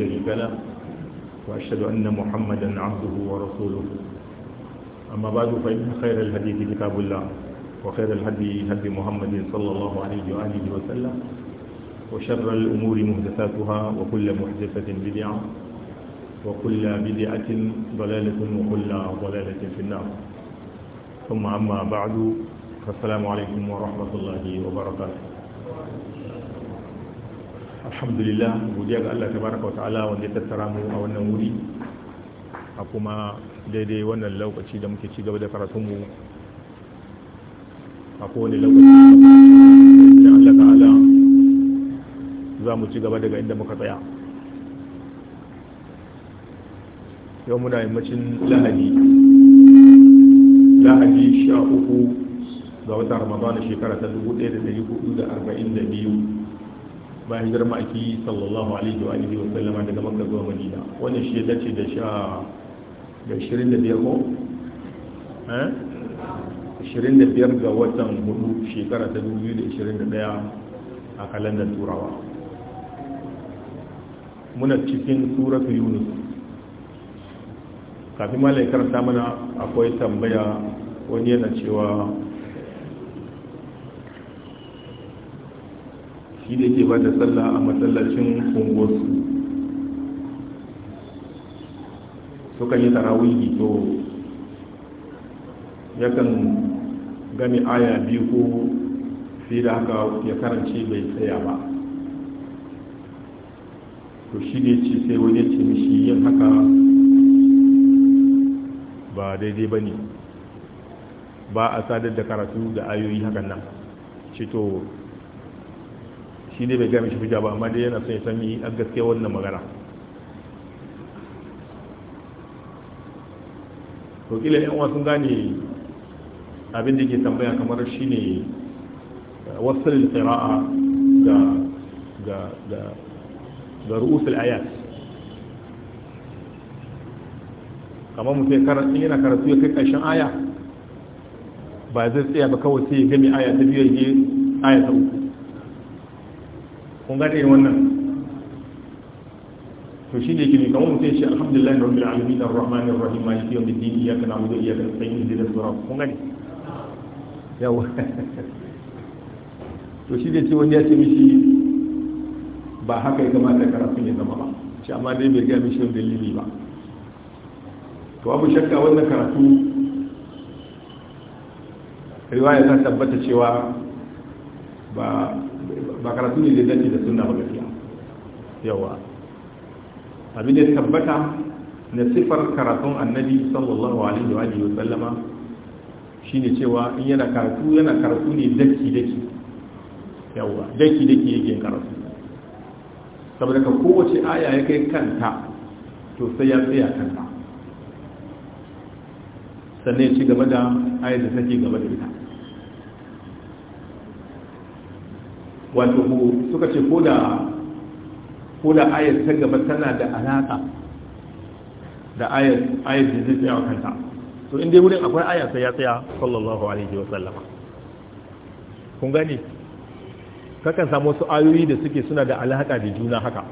شريك له وأشهد أن محمدا عبده ورسوله أما بعد فإن خير الحديث كتاب الله وخير الهدي هدي محمد صلى الله عليه وآله وسلم وشر الأمور محدثاتها وكل محدثة بدعة وكل بدعة ضلالة وكل ضلالة في النار ثم أما بعد فالسلام عليكم ورحمة الله وبركاته alhamdulillah godiya ga Allah tabaraka wa ta'ala wanda ya tattara mu a wannan wuri a kuma daidai wannan lokaci da muke ci gaba da karatun mu a kowane lokaci da Allah ta'ala za mu ci gaba daga inda muka tsaya yau muna yammacin lahadi lahadi sha uku ga wata ramadana shekara ta 1442 bayan hijirar ma'aiki sallallahu alaihi wa alihi wa sallama daga makka zuwa madina wannan shi ya dace da sha da 25 ko eh 25 ga watan hudu shekara ta 2021 a kalandar turawa muna cikin suratul yunus kafin malai ta mana akwai tambaya wani yana cewa shi da yake ba da sallah a masallacin kungosu sukan yi tarawihi to yakan gani aya biyu ko sai da haka ya karance bai tsaya ba to shi da ce sai wani ce mishi yin haka ba daidai ba ne ba a sadar da karatu da ayoyi hakan nan ce to shi ne bai gami shi hujja ba amma dai yana son ya sami a gaske wannan magana to kila yan uwa sun gane abin da ke tambaya kamar shi ne eh, qira'a ga ga ga ga ru'usul ayat kamar mutum yana karatu ya kai ƙarshen aya ba zai tsaya ba kawai sai ya gami aya ta biyu ya aya ta uku kun gane irin wannan to shi ne kini kamar mutum shi alhamdulillah na rabbil alamin arrahman arrahim maliki yawmid din iyyaka na'budu wa iyyaka nasta'in ihdinas sirat kun gane yawa to shi ne ce wani ya ce mishi ba haka ya kamata karatun ya zama ba shi amma dai bai gaya mishi wani dalili ba to abu shakka wannan karatu riwaya ta tabbata cewa ba ba karatu ne da dace da sunna ba gaskiya yawa abin da tabbata na sifar karatun annabi sallallahu alaihi wa alihi sallama shine cewa in yana karatu yana karatu ne daki daki yawa daki daki yake karatu saboda ka kowace aya ya kai kanta to sai ya tsaya kanta sannan ya ci gaba da ayar da take gaba da ita wato suka ce ko da ko da ayar ta gaba tana da alaƙa da ayat ayat da zai tsaya kanta to in dai wurin akwai aya sai ya tsaya sallallahu alaihi wa sallam kun gani? kakan samu wasu ayoyi da suke suna da alaƙa da juna haka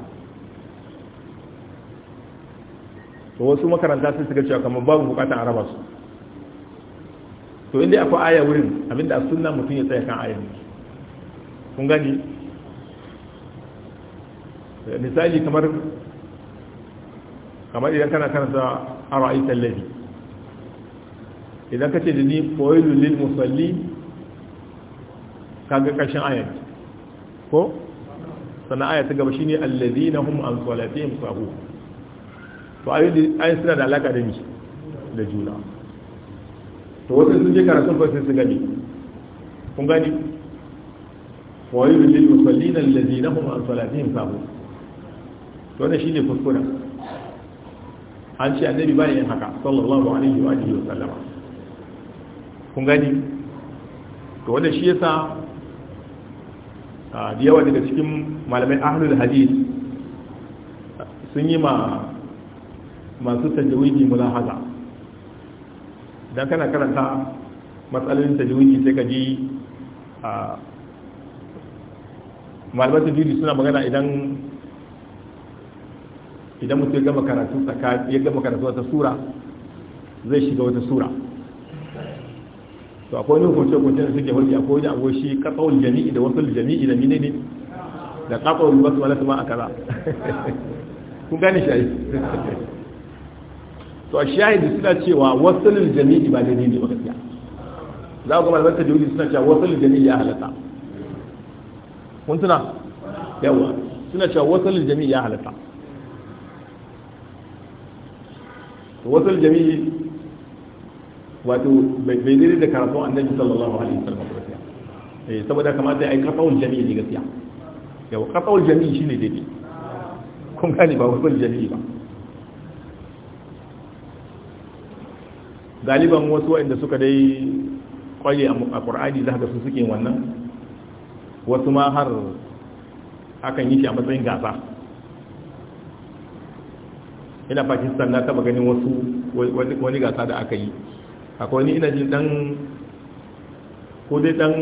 to wasu makaranta sai suka cewa kamar babu bukatar araba su to inda akwai aya wurin abinda a sunna mutum ya tsaya kan ayat ne kun gani misali kamar kamar idan kana karanta ara'aita tallafi idan kace da ni fawailul lil musalli kaga kashin ayat ko sannan ayat ta gaba shine alladhina hum an salatihim sahu to ayoyi suna da alaka da ni da juna to wasu sun je karatun ba sai su gani kun gani wayar lil musallin allazina hum an salatin sahun to shi ne kuskure an ce annabi ba yin haka sallallahu alaihi wa alihi wa sallama kun gani to wannan shi yasa ah, da yawa daga cikin malamai ahlul hadith sun yi ma masu tajawidi mulahaza dan kana karanta matsalolin tajawidi sai ka ji ah, malaman tajwidi suna magana idan idan mutum ya gama karatu tsakani ya gama karatu wata sura zai shiga wata sura to akwai nufin kwanciyar kwanciyar da suke hulki akwai wani agoshi shi jami'i da wasu jami'i da mine ne da katsawul basu wala ma a kaza kun gane shayi to a da suna cewa wasu jami'i ba daidai ne ba gaskiya za ku ga malaman tajwidi suna cewa wasu jami'i ya halatta kun tuna yawa suna cewa wasu jami'i ya halatta wasu jami'i wato bai daidai da karatun annabi sallallahu alaihi wasallam eh saboda kamata ai qat'ul jami'i ne gaskiya yawa qat'ul jami'i shine dai kun gani ba wasu jami'i ba galiban wasu waɗanda suka dai kwaye a Qur'ani za ka su suke wannan wasu ma har akan yi shi a matsayin gasa ina pakistan na taba ganin wasu wani gasa da aka yi akwai wani ina jin dan ko dai dan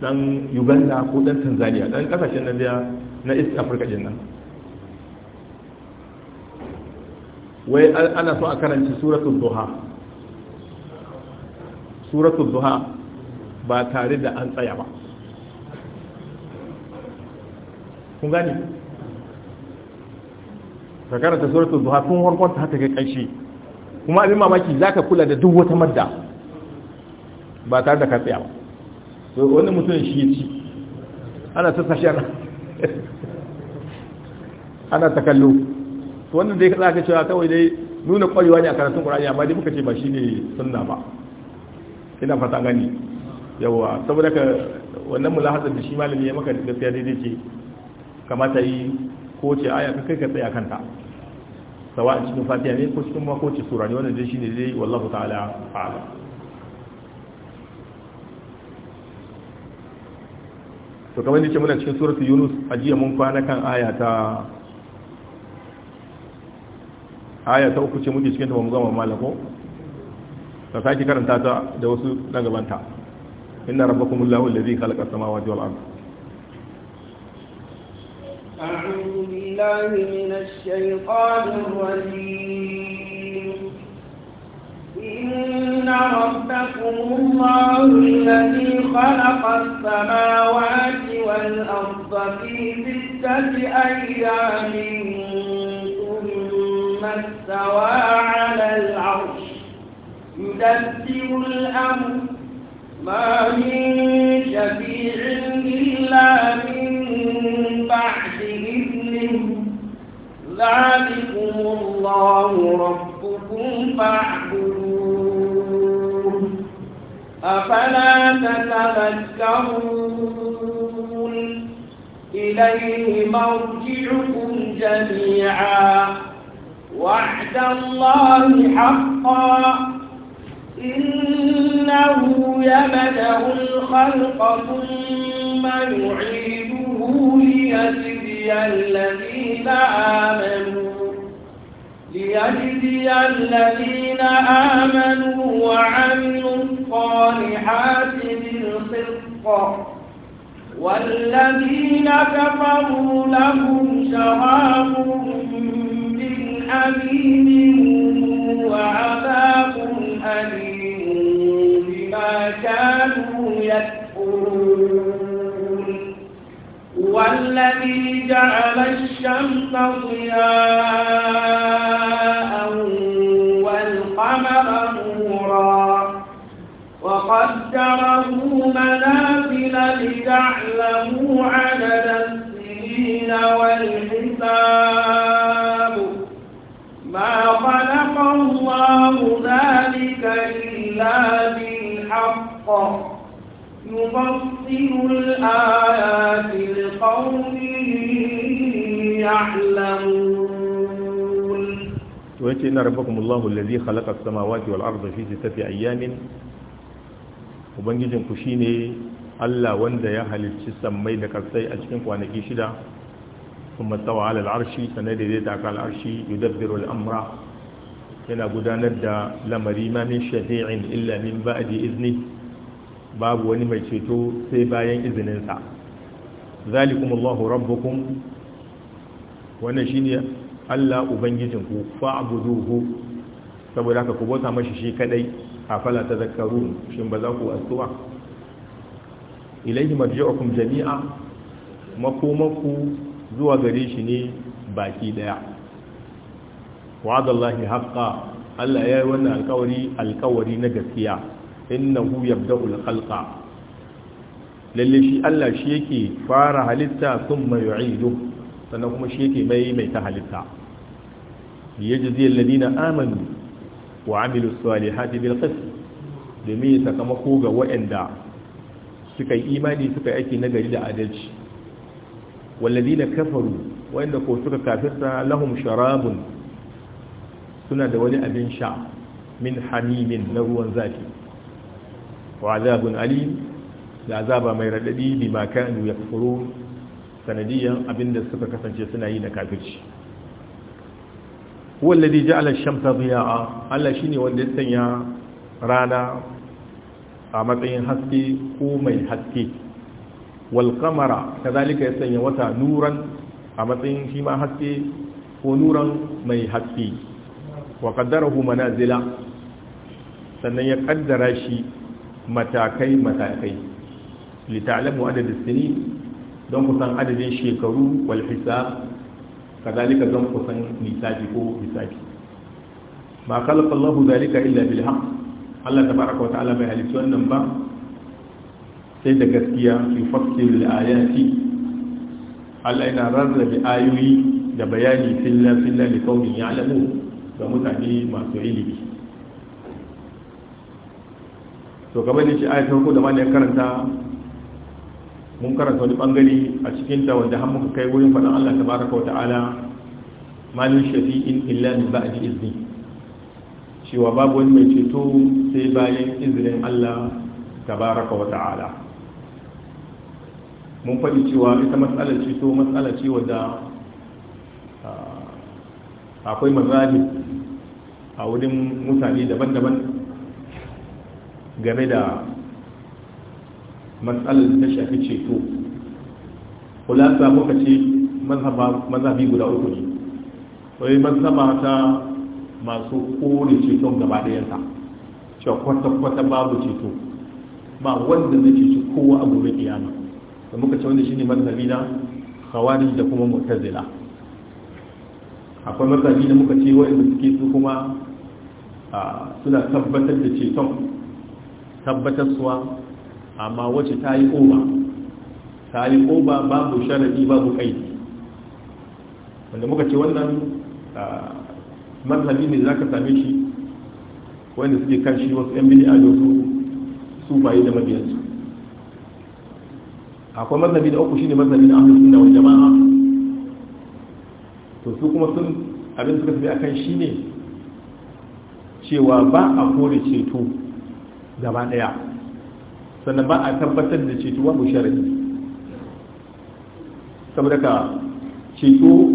dan uganda ko dan tanzania dan kasashen na biya na east africa din nan wai ana so a karanci suratul duha suratul duha ba tare da an tsaya ba kun gani ka ta suratul duha tun farkon ta haka kai kuma abin mamaki za ka kula da duk wata madda ba tare da ka tsaya ba to wani mutum shi ya ci ana ta tashi ana ana ta kallo wannan dai za ka cewa kawai dai nuna kwarewa ne a karatun qur'ani amma dai muka ce ba ne sunna ba ina fata gani yawa saboda ka wannan mulahazar da shi malami ya maka gaskiya daidai ce kamata yi ko ce aya ka kai ka tsaya kanta sawa a cikin fatiha ne ko cikin mako ce sura ne wannan dai shine dai wallahu ta'ala a'lam to kamar yadda muna cikin suratul yunus a jiya mun kwana kan aya ta aya ta uku ce muke cikin ta ba mu gama malako ka sake karanta ta da wasu na gabanta إن ربكم الله الذي خلق السماوات والأرض أعوذ بالله من الشيطان الرجيم إن ربكم الله الذي خلق السماوات والأرض في ستة أيام ثم استوى على العرش يدبر الأمر ما من شفيع إلا من بعد إذنه ذلكم الله ربكم فاعبدوه أفلا تتذكرون إليه مرجعكم جميعا وعد الله حقا إنه يمده الخلق ثم يعيده ليجزي الذين آمنوا ليجزي الذين آمنوا وعملوا الصالحات بالصدق والذين كفروا لهم شراب من حميم والذي الذي جعل الشمس ضياء والقمر نورا وقدره منازل لتعلموا عدد السنين والحساب ما خلق الله ذلك إلا بالحق يبصر يفصل الآيات لقوم يعلمون ويأتي إن ربكم الله الذي خلق السماوات والأرض في ستة أيام وبنجزم كشيني Allah wanda ya halicci sammai da karsai a cikin kwanaki shida kuma tsawa alal arshi sanai da zai taka al'arshi yudabbiru al'amra yana gudanar da lamari ma min shafi'in illa min ba'di izni babu wani mai ceto sai bayan izininsa zalikum Allahu rabbukum wannan shine Allah ubangijinku fa'buduhu saboda haka ku bauta mashi shi kadai ta tadhakkarun shin ba za ku asuwa ilayhi marji'ukum jami'a makomaku zuwa gare shi ne baki daya wa'adallahi haqqan Allah ya yi wannan alkawari alkawari na gaskiya innahu yabda'ul khalqa lalle shi Allah shi yake fara halitta thumma yu'idu sannan kuma shi yake mai mai ta halitta yajzi alladhina amanu wa amilus salihati bil qist domin sakamako ga waɗanda suka yi imani suka yi aiki nagari da adalci walladhina kafaru waɗanda ko suka kafirta lahum sharabun suna da wani abin sha min hamimin na ruwan zafi wa azabun alim da azaba mai raɗaɗi bi ma kanu ya sanadiyan abinda suka kasance suna yi na kafirci huwa alladhi ja'ala ash-shamsa diya'a Allah shine wanda ya sanya rana a matsayin haske ko mai haske wal qamara kadhalika ya sanya wata nuran a matsayin shi ma haske ko nuran mai haske wa qaddarahu manazila sannan ya kaddara shi matakai matakai litalamu adadin sini don kusan adadin shekaru walfisa kazalika don kusan nisaji ko hisabi ma khalaqa Allahu zalika illa bil Allah Allah tabaraka wa ta'ala mai halittu wannan ba sai da gaskiya su fasil al Allah yana rarrabe ayoyi da bayani filla filla li qaumin ya'lamu ga mutane masu ilimi to kamar da shi ayat farko da malamin karanta mun karanta wani bangare a cikin ta wanda har muka kai wurin faɗan Allah tabaraka wa ta'ala malin shafi'in illa min ba'di izni cewa babu wani mai ceto sai bayan izinin Allah tabaraka wa ta'ala mun faɗi cewa ita matsalar ceto matsala ce wanda ah, akwai mazahib a wurin mutane daban-daban game da matsalar ta shafi ceto kulasa muka ce mazhabi guda uku ne wai mazhaba ta masu kore ceton gaba ɗayansa cewa kwata-kwata babu ceto ba wanda zai ceci kowa a gobe kiyama da muka ce wanda shine mazhabi na hawari da kuma mu'tazila akwai mazhabi da muka ce wa'anda suke su kuma suna tabbatar da ceton tabbatarsuwa amma wacce ta yi oba ta yi oba babu sharadi babu aiki wanda muka ce wannan mazhabi ne za ka same shi wanda suke kan shi wasu 'yan a da su sufaye da mabiyansu akwai mazhabi da uku shine mazhabi na ahlus sunna wani jama'a to su kuma sun abin suka tafi shi ne cewa ba a kore ceto gaba daya sannan ba a tabbatar da ceto babu sharadi saboda ka ceto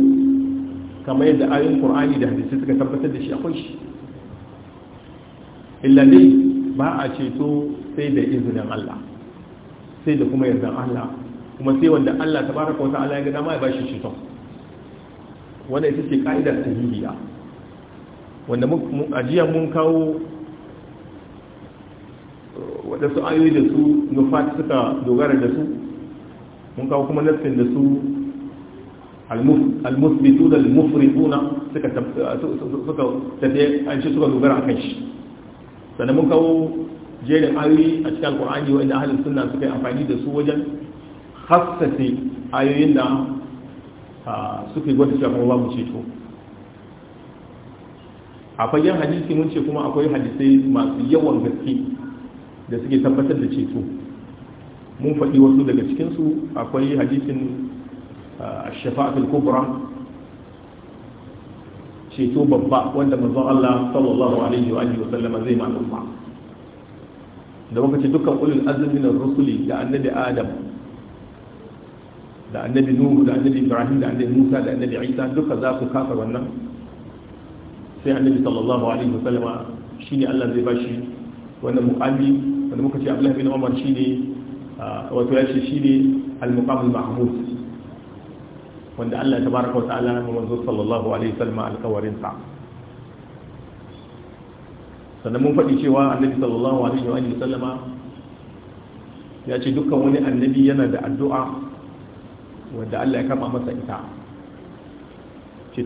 kamar yadda ayin qur'ani da hadisi suka tabbatar da shi akwai shi illa dai ba a ceto sai da izinin Allah sai da kuma yardan Allah kuma sai wanda Allah tabaraka wa ta'ala ya ga dama ya shi ceto wanda ita ce ka'idar tahiliya wanda mun ajiya mun kawo waɗansu ayoyi da su nufat suka dogara da su mun kawo kuma nassin da su almusbitu da almufrituna suka tafi an shi suka dogara a kan shi sannan mun kawo jerin ayoyi a cikin alkur'ani wanda ahalin sunna suka yi amfani da su wajen hassace ayoyin da suke yi gwada shafin babu ceto a yan hadisi mun ce kuma akwai hadisai masu yawan gaske da suke tabbatar da ceto mun faɗi wasu daga cikinsu akwai hadisin shafa'atul kubra ceto babba wanda mazo Allah sallallahu alaihi wa alihi wa sallama zai ma al'umma da muka ce dukkan ulul azmi na rusuli da annabi adam da annabi nuhu da annabi ibrahim da annabi musa da annabi isa duka za su kafa wannan sai annabi sallallahu alaihi wa sallama shine Allah zai bashi wannan mukami. wanda muka ce abdullahi bin umar shi ne wato ya ce shi ne al-muqamul mahmud wanda Allah ta baraka wa ta'ala mu manzo sallallahu alaihi wasallam alƙawarin sa sannan mun faɗi cewa annabi sallallahu alaihi wa sallama ya ce dukkan wani annabi yana da addu'a wanda Allah ya kama masa ita ce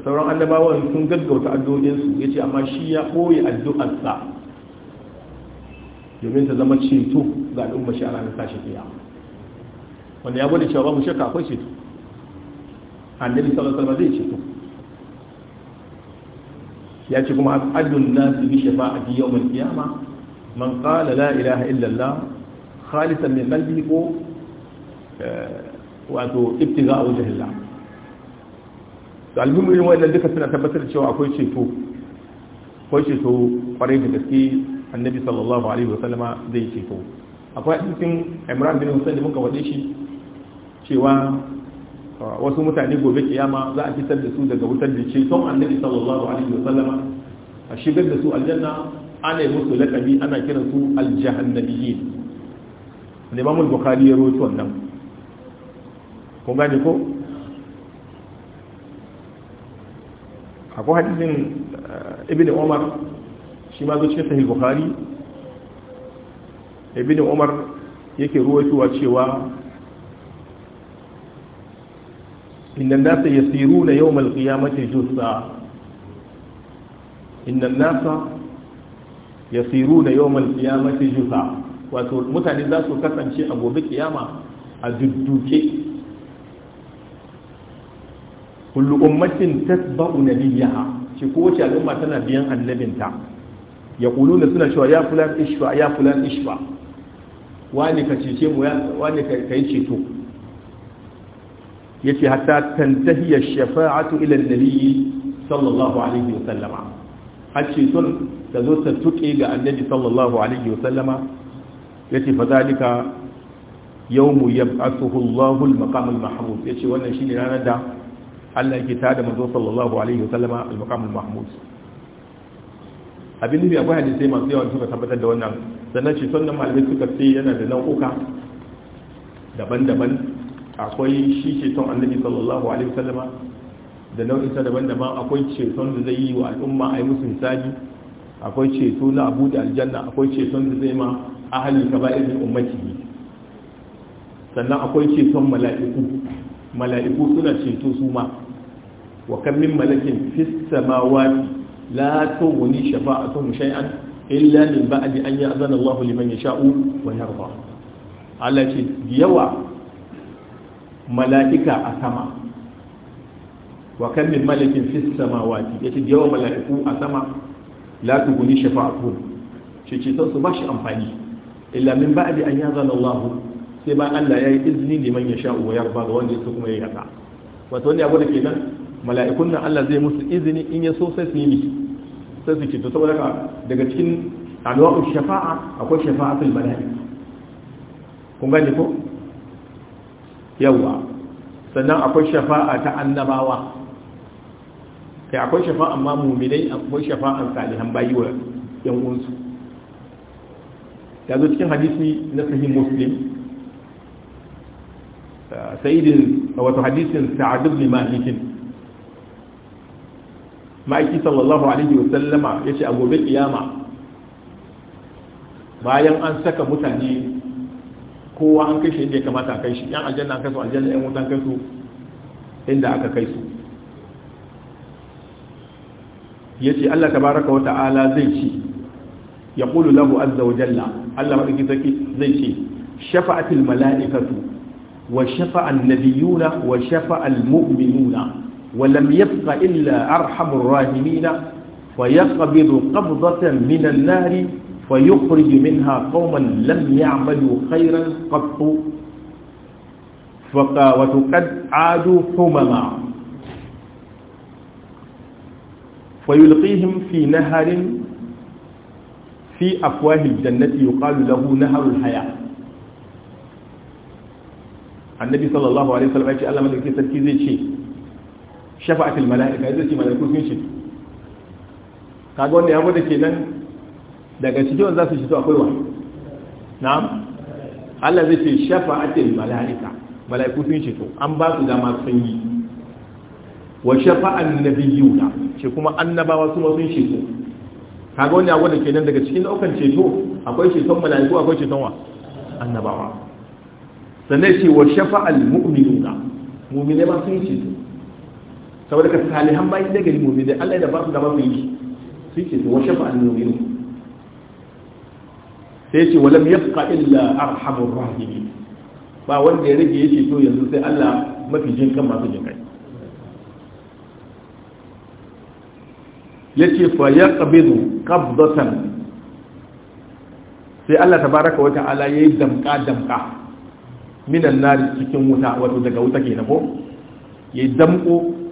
sauran annabawan sun gaggauta addu'o'insu ya ce amma shi ya ɓoye addu'arsa domin ta zama ceto ga al'umma shi a ranar tashi ɗaya wanda ya gwada cewa mu shakka akwai ceto annabi sallallahu alaihi wasallam zai ceto ya ce kuma na su bi shafa'ati yawmal qiyama man qala la ilaha illa allah khalisan min qalbi ko eh, wato ibtiza'a wajhillah to almuhimu wa wannan duka suna tabbatar da cewa akwai ceto akwai ceto kwarai da gaske annabi sallallahu alaihi wasallama zai ceto akwai hadisin imran bin da muka wade shi cewa uh, wasu mutane gobe kiyama za a fitar da su daga wutar da ceton annabi sallallahu alaihi wasallama a shigar da su aljanna ana yi musu lakabi ana kiran su aljahannabiyyin ne ba mun bukhari ya rawaito wannan ko gane ko akwai hadisin uh, ibn umar shi ma zuci ta sahih bukhari ibn umar yake ruwaituwa cewa inna nasa yasiruna yawmal qiyamati juzza inna nasa yasiruna yawmal qiyamati juzza wato mutane za su kasance a gobe kiyama a dudduke kullu ummatin tasba'u nabiyaha shi wace al'umma tana biyan annabinta ya da suna cewa ya fulan ishfa ya fulan ishfa wani ka cece mu wani ka yi ceto yace hatta tantahi ash-shafa'atu ila an-nabi sallallahu alaihi wa sallama har ceton ta zo ta tuke ga annabi sallallahu alaihi wa sallama yace fa zalika yawmu yab'athuhu Allahu al-maqam al-mahmud yace wannan shine ranar da Allah yake tada manzo sallallahu alaihi wa sallama al-maqam al-mahmud abin da akwai hadisai masu yawa suka tabbatar da wannan sannan shi sannan malamai suka ce yana da nau'uka daban-daban akwai shi ceton annabi sallallahu alaihi wasallama da nau'in sa daban-daban akwai ceton da zai yi wa al'umma a yi musu hisabi akwai ceto na abu da aljanna akwai ceton da zai ma ahalin irin ummati sannan akwai ceton mala'iku mala'iku suna ceto su ma wa kan min malakin fis samawati la tughni shafa'atuhum shay'an illa min ba'di an ya'zana Allahu liman yasha'u wa yarda Allah ce yawa mala'ika a sama wa kan min malakin fis samawati yace yawa mala'iku a sama la tughni shafa'atuhum ce ce su ba shi amfani illa min ba'di an ya'zana Allahu sai ba Allah ya yi izini liman yasha'u wa wanda kuma ya yarda wato wanda abu da kenan mala'ikun nan Allah zai musu izini in ya so sai su yi sai su ce to saboda ka daga cikin alwa'u shafa'a akwai shafa'atul mala'ik kun gani ko yawa sannan akwai shafa'a ta annabawa kai akwai shafa'an ma mu'minai akwai shafa'an salihan bayi wa yan uwansu yanzu cikin hadisi na sahih muslim eh, sayyidin wato hadisin sa'ad ibn malik ma'aiki sallallahu alaihi wa sallama ce a gobe kiyama bayan an saka mutane kowa an kai shi inda ya kamata a kai shi yan aljanna an kasu aljanna yan wutan kasu inda aka kai su Ya ce Allah tabaraka wa ta'ala zai ci yaqulu lahu azza wa jalla Allah madaki saki zai ce shafa'atul mala'ikatu wa shafa'a an-nabiyuna wa shafa'a al-mu'minuna ولم يبق إلا أرحم الراحمين فيقبض قبضة من النار فيخرج منها قوما لم يعملوا خيرا قط وقد عادوا حمما فيلقيهم في نهر في أفواه الجنة يقال له نهر الحياة النبي صلى الله عليه وسلم قال لما نكتب كذي شيء shafa'atul mala'ika zai ce mala'iku sun shi kaga wanda ya bude kenan daga cikin za su shi to akwai wa na'am Allah zai ce shafa'atul mala'ika mala'iku sun shi to an ba su dama su yi wa shafa'an nabiyuna ce kuma annabawa su ma sun shi to kaga wanda ya bude kenan daga cikin daukan ceto akwai ceton mala'iku akwai son wa annabawa sannan ce wa shafa'al mu'minuna mu'mine ba sun yi ceto saboda ka salihan bayan da gari mu'mini Allah da ba su da ba su yi sai ce su washe fa'al ne sai ce walam ya yabqa illa arhamur rahimi ba wanda ya rage yake to yanzu sai Allah mafi jin kan masu jin kai ya ce fa ya yaqbidu qabdatan sai Allah ta baraka wata ala ya yi damka damka minan nari cikin wuta wato daga wuta ke na ko yi damko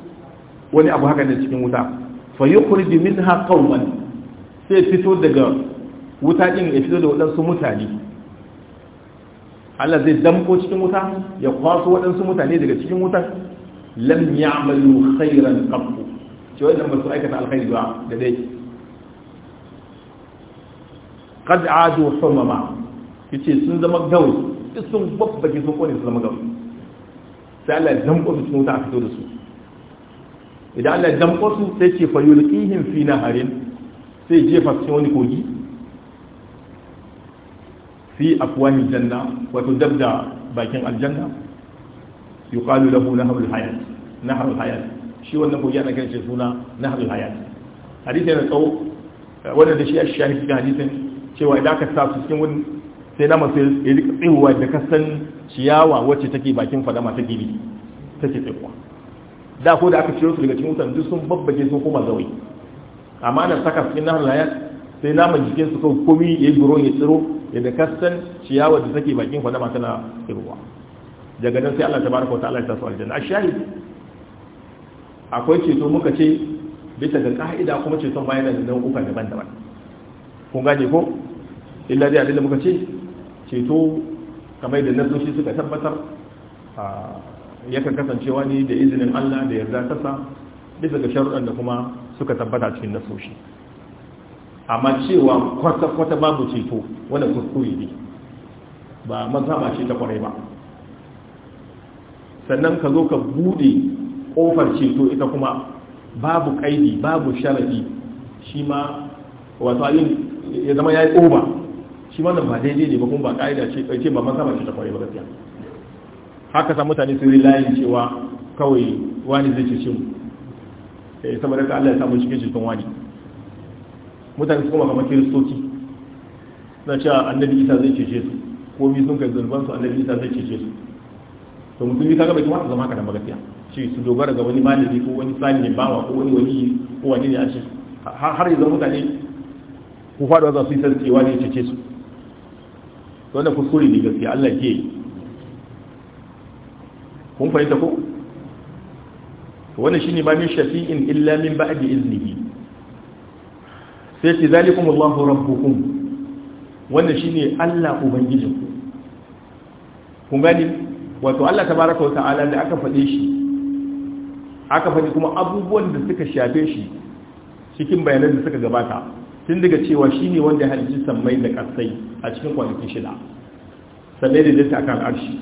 wani abu haka ne cikin wuta fa yukhrij minha qauman sai fito daga wuta din ya fito da waɗansu mutane Allah zai damko cikin wuta ya kwaso waɗansu mutane daga cikin wuta lam ya'malu khairan qattu cewa idan ba su aikata alkhairi ba da dai qad aadu humama yace sun zama gawo sun babbake sun kone su zama gawo sai Allah ya damko cikin wuta a fito da su idan Allah ya damko su sai ce fa yulqihim fi naharin sai jefa su wani kogi fi afwahi janna wato dabda bakin aljanna yuqalu lahu nahrul hayat nahrul hayat shi wannan kogi ana kiran shi suna nahrul hayat hadisi yana tsawo wanda da shi ya shahid cikin hadisin cewa idan aka sa su cikin wani sai na masu ya rika tsihuwa da kasan ciyawa wacce take bakin fadama ta gibi take tsihuwa da ko da aka ciro su daga cikin wutan duk sun babbage sun koma zawai amma nan saka cikin nahar layat sai naman jikin su kawai komi ya yi ya tsiro ya da kasan ciyawar da take bakin ma tana tsirowa. daga nan sai Allah baraka wa ta'ala ya tasu aljanna ashahid akwai ceto muka ce bisa ga ka'ida kuma son bayan da nau'uka daban-daban kun gane ko illa dai abinda muka ce ceto kamar da nasoshi suka tabbatar ah, yakan kasancewa wani da izinin Allah da yarda kasa bisa ga sharuɗan da kuma suka tabbata cikin nasoshi amma cewa kwata-kwata babu ceto wanda kuskure ne ba mazhaba ce ta kwarai ba sannan ka zo ka buɗe ƙofar ceto ita kuma babu ƙa'idi, babu sharaɗi shi ma wato ayin ya zama ya yi ƙoba shi wannan ba daidai ne ba kuma ba ƙa'ida ce ba mazhaba ce ta kwarai ba gaskiya haka sa mutane sun yi layin cewa kawai wani zai ce cece mu yi eh, saboda ka Allah ya samu cikin cikin wani mutane su kuma kamar kiristoci na cewa annabi isa zai cece su ko bi sun kai zulban su annabi isa zai cece su to mutum bi kaga bai kamata zama haka da magafiya shi su dogara ga wani malami ko wani ne bawa ko wani wani ko wani ne a ce har yanzu mutane ku faɗuwa za su yi sarki wani cece su wannan kuskure ne gaskiya Allah ke yi kun fahimta ko wannan shine ba min shafi'in illa min ba'di iznihi sai ce zalikum Allahu rabbukum wannan shine Allah ubangijinku kun gani wato Allah tabaraka wa ta'ala da aka fade shi aka faɗi kuma abubuwan da suka shafe shi cikin bayanan da suka gabata tun daga cewa shi ne wanda halicci sammai da ƙasai a cikin kwanakin shida sannan da zai ta akan arshi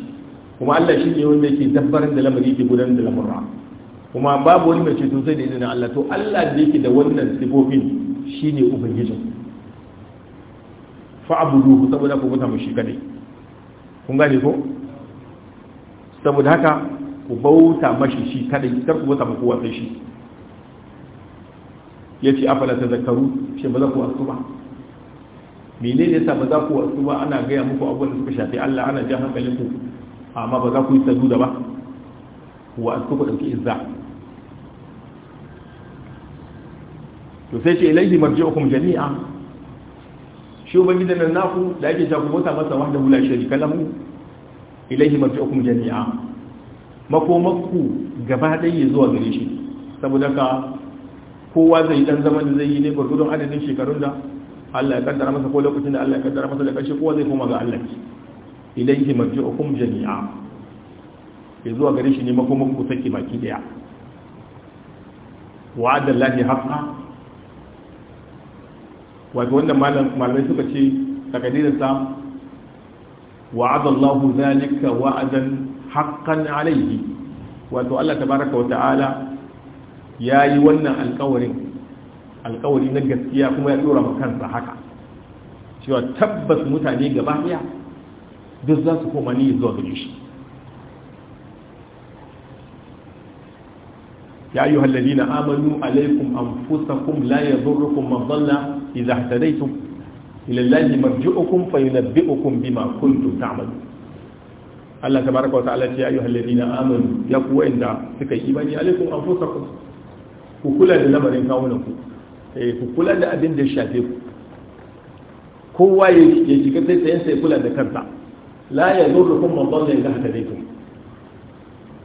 kuma Allah shi ne wanda yake dabbarin da lamari ke gudanar da lamurra kuma babu wani mai ceto sai da idan Allah to Allah da yake da wannan sifofin shi ne ubangijin fa abuduhu saboda ku guta shi kadai kun gane ko saboda haka ku bauta mashi shi kadai kar ku bauta mako wasai shi yace afala tazakkaru shi ba za ku wasu ba menene yasa ba za ku wasu ba ana gaya muku abubuwan da suka shafi Allah ana jan hankalin ku amma ba za ku yi saduda ba wa ku ku ɗauki izza to sai ce ilaihi marji'ukum jami'a shi ubangijin nan naku da ake jago mota masa wanda hula shari kalamu ilaihi marji'ukum jami'a makomakku gaba ɗaya zuwa gare shi saboda ka kowa zai dan zaman da zai yi ne gurgudun adadin shekarun da Allah ya kaddara masa ko lokacin da Allah ya kaddara masa da karshe kowa zai koma ga Allah ilaihi marji'ukum jami'a ya zuwa gare shi ne makoma ku sake baki daya wa'ada lahi haqqa wato wannan malamai suka ce takadirin sa wa adallahu zalika wa'adan haqqan alayhi wato Allah tabaraka wa ta'ala yayi wannan alƙawarin alƙawari na gaskiya kuma ya dora maka kansa haka cewa tabbas mutane gaba daya duk za su koma ni zuwa gare shi ya ayyuhal ladina amanu alaykum anfusakum la yadurrukum man dhalla idha ihtadaytum ila allahi marji'ukum fayunabbi'ukum bima kuntum ta'malun Allah tabaraka wa ta'ala ce ya ayyuhal ladina amanu ya ku wanda suka yi imani alaikum anfusakum ku kula da lamarin kawunan ku eh ku kula da abin da shafe ku kowa ya shiga sai sai kula da kansa la ya zo da kuma da haka daikun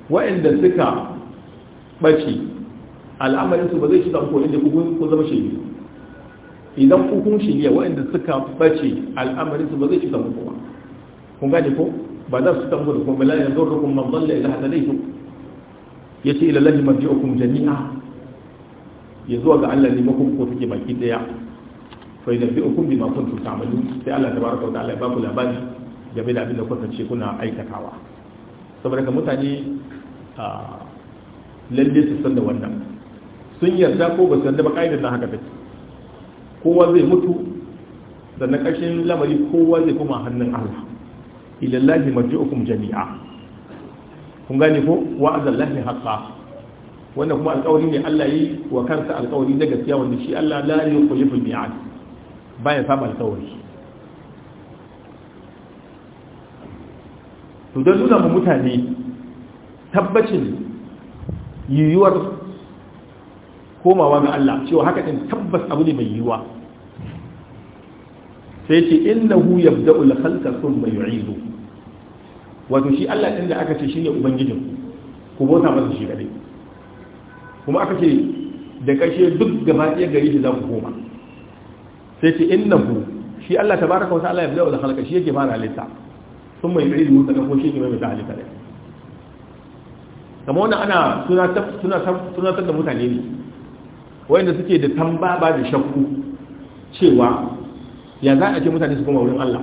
wa'inda suka ɓace al'amarinsu ba zai ci zamko inda ko zama shiri idan hukun shiriya wa'inda suka ɓace al'amarinsu ba zai ci zamko ba kun gane ko ba za su tambo da kuma la ya zo da kuma ɓallon da haka daikun ya ce ilalahi marji'ukum jami'a ya zuwa ga Allah ne makon ko suke baki daya fa idan bi'ukum bima kuntum ta'malun sai Allah tabaraka wa ta'ala ya ba ku labari game da abin da kuka ce kuna aikatawa saboda ka mutane lalle su san da wannan sun yarda ko ba san da ba kaidar na haka take kowa zai mutu da na ƙarshen lamari kowa zai kuma hannun Allah lahi marji'ukum jami'a kun gane ko wa'azallahi haqqa wannan kuma alƙawari ne Allah yi wa kansa alƙawari na gaskiya wanda shi Allah la yukhlifu al-mi'ad baya saba alƙawari to don nuna mu mutane tabbacin yiwuwar komawa ga Allah cewa haka din tabbas abu ne mai yiwuwa sai ce innahu yabda'u al-khalqa thumma yu'idu wato shi Allah din da aka ce shine ubangijin ku bauta masa shi kadai kuma aka ce da kashe duk gaba ɗaya gari shi za ku koma sai ce innahu shi Allah tabaraka wa ta'ala yabda'u al-khalqa shi yake fara halitta sun mai yuri musa na ko shi ke mai musa halitta da kamar wannan ana suna da mutane ne wayanda suke da tambaba da shakku cewa ya za a ce mutane su koma wurin Allah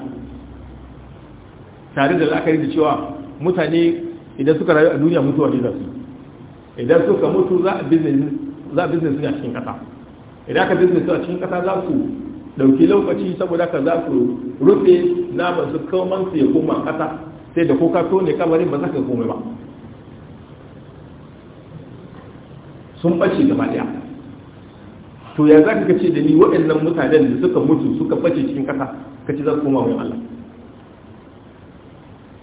tare da la'akari da cewa mutane idan suka rayu a duniya mutuwa ne za su idan suka mutu za a business za a a cikin kasa idan aka business a cikin kasa za su dauki lokaci saboda ka za ku rufe naman su kawo su ya koma kasa sai da kuka tone kamarin ba za ka komai ba sun bace gaba daya to ya za ka ce da ni waɗannan mutanen da suka mutu suka bace cikin kasa ka ce za su koma wani Allah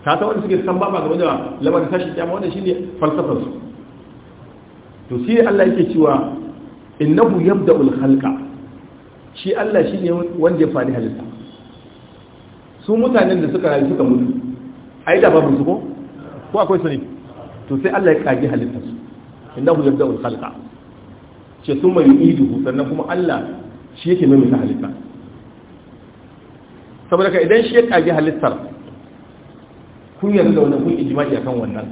ta ta wanda suke san ba game da lamarin tashi kyamma wanda shine falsafar su to shi Allah yake cewa innahu yabda'ul khalqa shi Allah shi ne wanda ya fani halitta su mutanen da suka rayu suka mutu a da babu su ko ko akwai su ne to sai Allah ya kage halitta su inda ku yabda ulkhalqa ce sun mai idu sannan kuma Allah shi yake mai mutu halitta saboda ka idan shi ya kage halittar kun yarda da wannan kun ijma'i akan wannan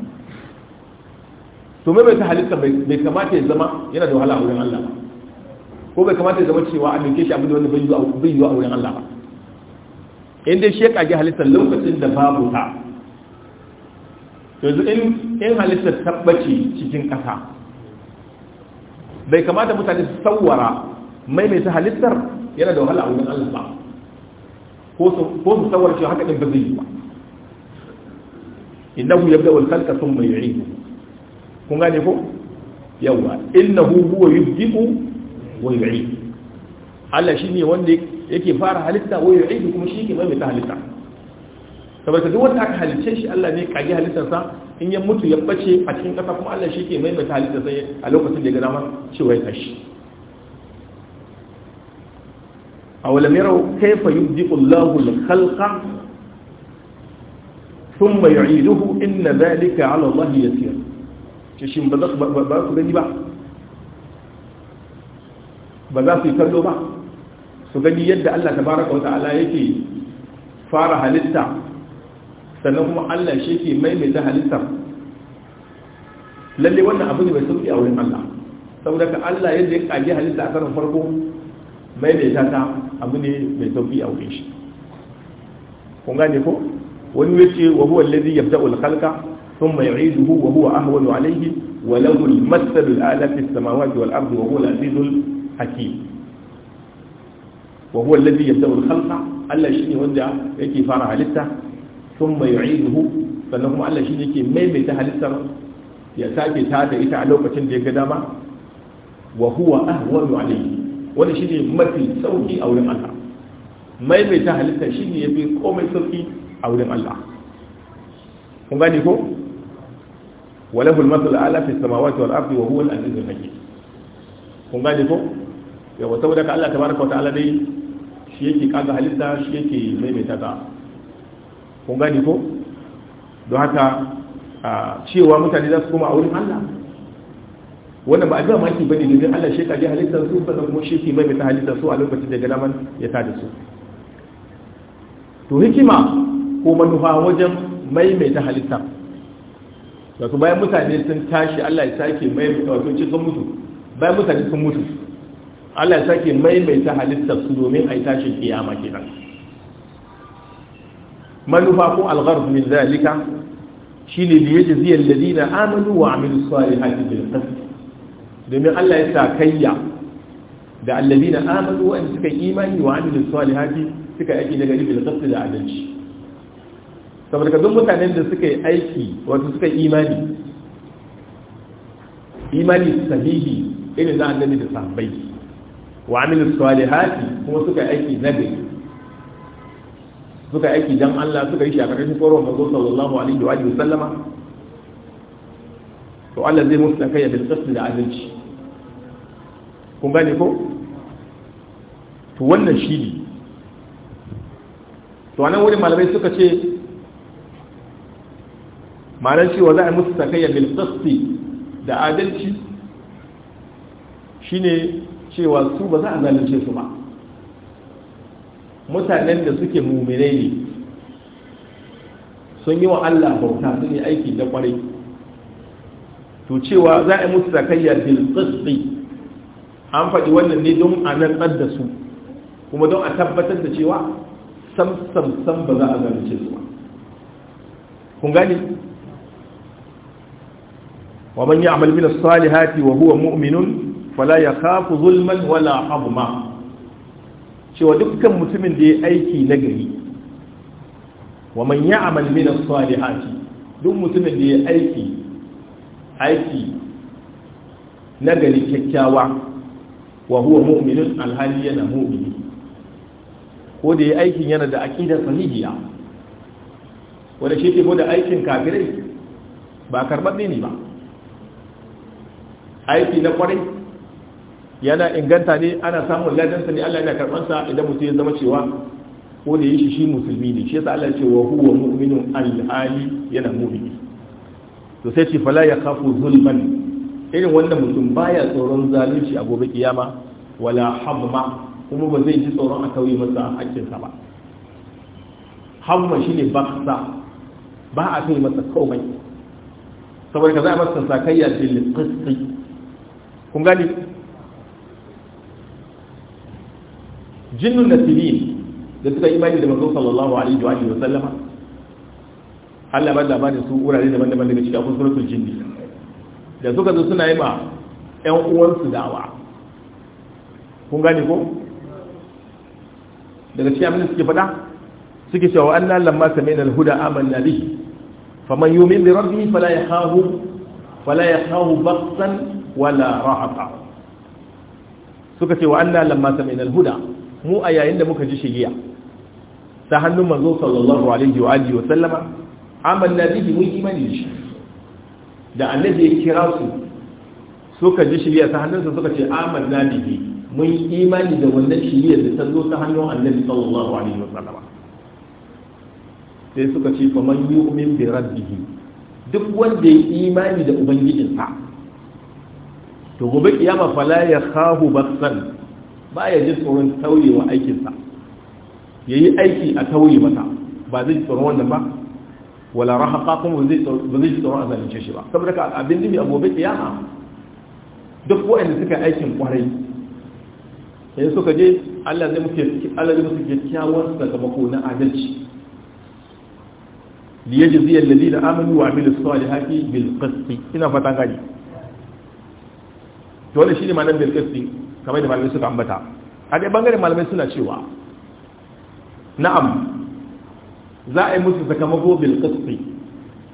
to mai mutu halitta bai kamata ya zama yana da wahala a wurin Allah ba ko bai kamata ya zama cewa an dinke shi abin da wanda bai zuwa bai zuwa wurin Allah ba in dai shi ya kage halittar lokacin da babu ta yanzu in in halitta tabbaci cikin ƙasa bai kamata mutane su tsawara mai mai ta halittar yana da wahala a wurin Allah ba ko su tsawara cewa haka din ba zai yi ba innahu yabda wal khalqa thumma yu'idu kun gane ko yawa innahu huwa yubdi'u wa yu'i Allah shine wanda yake fara halitta wa yu'i kuma shi ke mai halitta saboda duk wanda aka halice shi Allah ne kage halittarsa in ya mutu ya bace a cikin kasa kuma Allah shi ke mai halittarsa a lokacin da ya ga dama cewa ya tashi أولم يروا كيف يبدئ الله الخلق ثم يعيده إن ذلك على Shin ba za ku بذلك ba? ba za su yi kallo ba su gani yadda Allah ta tabaraka wa ta'ala yake fara halitta sannan kuma Allah shi ke maimaita halittar lalle wannan abu ne mai sauki a wurin Allah saboda ka Allah yadda ya kage halitta a karin farko maimaita ta abu ne mai sauki a wurin shi kun gane ko wani yace wa huwa alladhi yabda'u al-khalqa thumma yu'iduhu wa huwa ahwanu alayhi wa lahu al-mathalu al-a'la fi as-samawati wal-ardi wa huwa al-'azizul hakim wa huwa alladhi yabda'u al-khalqa Allah shine wanda yake fara halitta thumma yu'iduhu sannan kuma Allah shine yake maimaita halittar ya sake tada ita a lokacin da ya ga dama wa huwa ahwanu alayhi wanda shine mafi sauki a wurin Allah maimaita halitta shine yafi komai sauki a wurin Allah kun gane ko walahu al-masal ala fi samawati wal ardi wa huwa al-aziz al-hakim kun gane ko yawa saboda ka Allah tabaraka ala dai shi yake kaga halitta shi yake maimaita ta kun gani ko don haka cewa mutane za su koma a wurin Allah wannan ba a zama maki bane domin Allah shi kaji halittar su sannan kuma shi yake maimaita halittar su a lokacin da galaman ya da su to hikima ko manufa wajen maimaita halitta wato bayan mutane sun tashi Allah ya sake maimaita wato cikin mutu bayan mutane sun mutu Allah ya sake maimaita halittar su domin a yi tashin kiyama kenan manufa ko algharf min zalika shine da yaji ziyar ladina amanu wa amilu salihati bil qasd domin Allah ya sakayya da alladina amanu wa suka imani wa amilu salihati suka yi aiki daga bil qasd da adalci saboda duk mutanen da suka yi aiki wato suka yi imani imani sahihi irin na annabi da sahabbai wa amilu salihati kuma suka aiki na suka aiki dan Allah suka yi shi a ƙarƙashin tsoron manzo sallallahu alaihi wa sallama to Allah zai musu kai da qist da adalci kun gane ko to wannan shi ne to anan wurin malamai suka ce ma'anar cewa za a musu sakayya bil qist da adalci shine cewa su ba za a zalunce su ba mutanen da suke muminai ne sun yi wa Allah bauta sun yi aiki da kwarai to cewa za a yi musu zakayya bil qisti an faɗi wannan ne don a nan da su kuma don a tabbatar da cewa sam sam sam ba za a zalunce su ba kun gani wa man ya'mal min as-salihati wa huwa mu'minun wala ya kafu zulman wala habma cewa dukkan mutumin da ya aiki nagari. gari wa man ya'mal min as-salihati duk mutumin da ya aiki aiki na kyakkyawa wa huwa mu'minun alhali yana mu'mini ko da ya aikin yana da aqidar sahihiya wanda shi ke da aikin kafirai ba karɓar ne ba aiki na kwarai yana inganta ne ana samun ladansa ne Allah yana karbansa idan mutum ya zama cewa ko da yake shi musulmi ne shi yasa Allah ya ce wa huwa mu'minun al-hali yana mu'mini to sai ce fala ya khafu zulman irin wannan mutum baya tsoron zalunci a gobe kiyama wala hamma kuma ba zai ji tsoron a kauye masa sa ba hamma shine baksa ba a kai masa komai saboda ka za a masa sakayya bil qisti kun gani jinnun nasirin da suka imani da manzo sallallahu alaihi wa alihi wasallama Allah ba labarin su wurare daban-daban daga cikin akwai suratul jinni da suka zo suna yi ma ƴan uwansu da'awa kun gane ko daga cikin abin da suke faɗa suke cewa anna lamma sami'na al-huda amanna bihi faman yu'min bi rabbih fala yakhafu fala yakhafu baqsan wala rahaqa suka ce wa anna lamma sami'na al-huda mu a yayin da muka ji shigiya ta hannun manzo sallallahu alaihi wa alihi wa sallama amanna bihi mun imani da shi da annabi ya kira su suka ji shiriya ta sa suka ce amanna bihi mun imani da wannan shiriyar da ta zo ta hannun annabi sallallahu alaihi wa sallama sai suka ce fa man yu'min bi rabbihi duk wanda ya imani da ubangijinsa to gobe kiyama fala ya khahu baksan ba ya ji tsoron tauyewa aikinsa ya yi aiki a tauye mata ba zai tsoron wannan ba wala raha kuma ba zai ji tsoron a zalince shi ba saboda ka abin dimi abubuwan tsiyama duk waɗanda suka aikin kwarai sai suka je allah zai musu kyakkyawar sakamako na adalci liyajiziyar lalila amalu wa amilu salihati bil qasti ina fatan gani to shi shine ma'anar bilqis din kamar da malamai suka ambata a dai bangaren malamai suna cewa na'am za a yi musu sakamako bilqis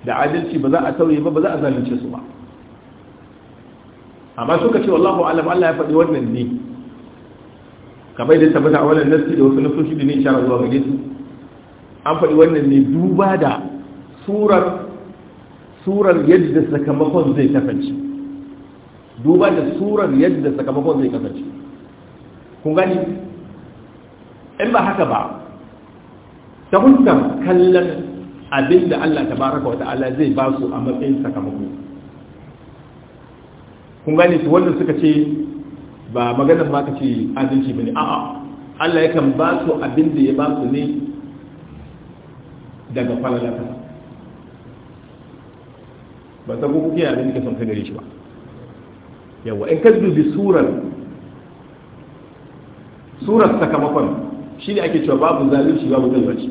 da adalci ba za a tauye ba ba za a zalunce su ba amma suka ce wallahu alam Allah ya faɗi wannan ne kamar da tabbata a wannan nasi da wasu nasoshi da ne shara zuwa gare su an faɗi wannan ne duba da surar surar yadda sakamakon zai kasance duba da surar yadda sakamakon zai kasance kun gani in ba haka ba ta hukar kallon abin da Allah ta baraka wa ta'ala zai ba su a matsayin sakamako kun gani su wanda suka ce ba maganar ma ka ce azinci ba ne a'a Allah yakan ba su abin da ya ba su ne daga falalata ba ta kuke abin da ka son ka gare shi ba yawa in ka dubi surar surar sakamakon shi ne ake cewa babu zalunci babu zalunci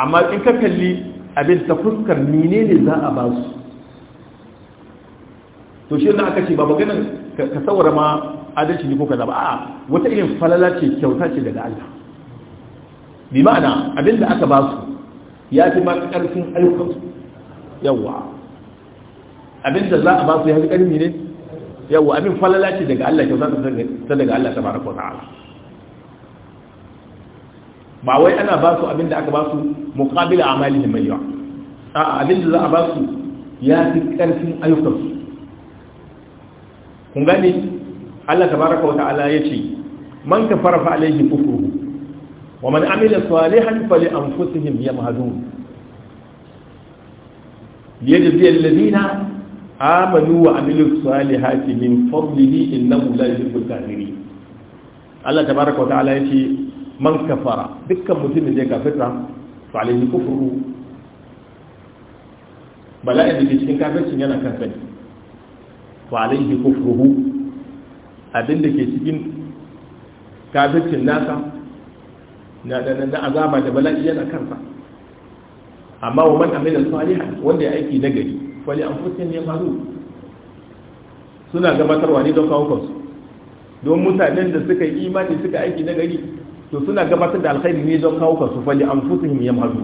amma in ka kalli abin ta fuskar menene za a ba su to shi da aka ce ba maganar ka saurara ma adalci ne ko kaza ba a wata irin falala ce kyauta ce daga Allah bi ma'ana abin da aka ba su ya fi ma karfin ayyukan yawa abin da za a ba su ya fi karfi ne yawa abin falala ce daga Allah kyau kyauta ta daga Allah ta baraka ala. ba wai ana ba su abin da aka ba su muqabila amalihim mai yawa a abin da za a ba su ya fi karfin su. kun gane Allah tabaraka wa ta'ala ce man ka fara fa alayhi kufruhu wa man amila salihan fali anfusihim yamhadun liyajzi alladhina amanu wa amilu salihati min fadlihi innahu la yuhibbu kafirin Allah tabaaraka wa ta'ala yace man kafara dukkan mutumin da ya kafirta to alayhi kufru bala'i da ke cikin kafircin yana kan sani to alayhi kufruhu abin da ke cikin kafircin nasa na da na azaba da bala'i yana kansa amma wa man amila salihan wanda ya aiki nagari wali an fusin ne faru suna gabatarwa ne don kawo kansu don mutanen da suka yi imani suka aiki na gari to suna gabatar da alkhairi ne don kawo kansu fali an fusin ya mazu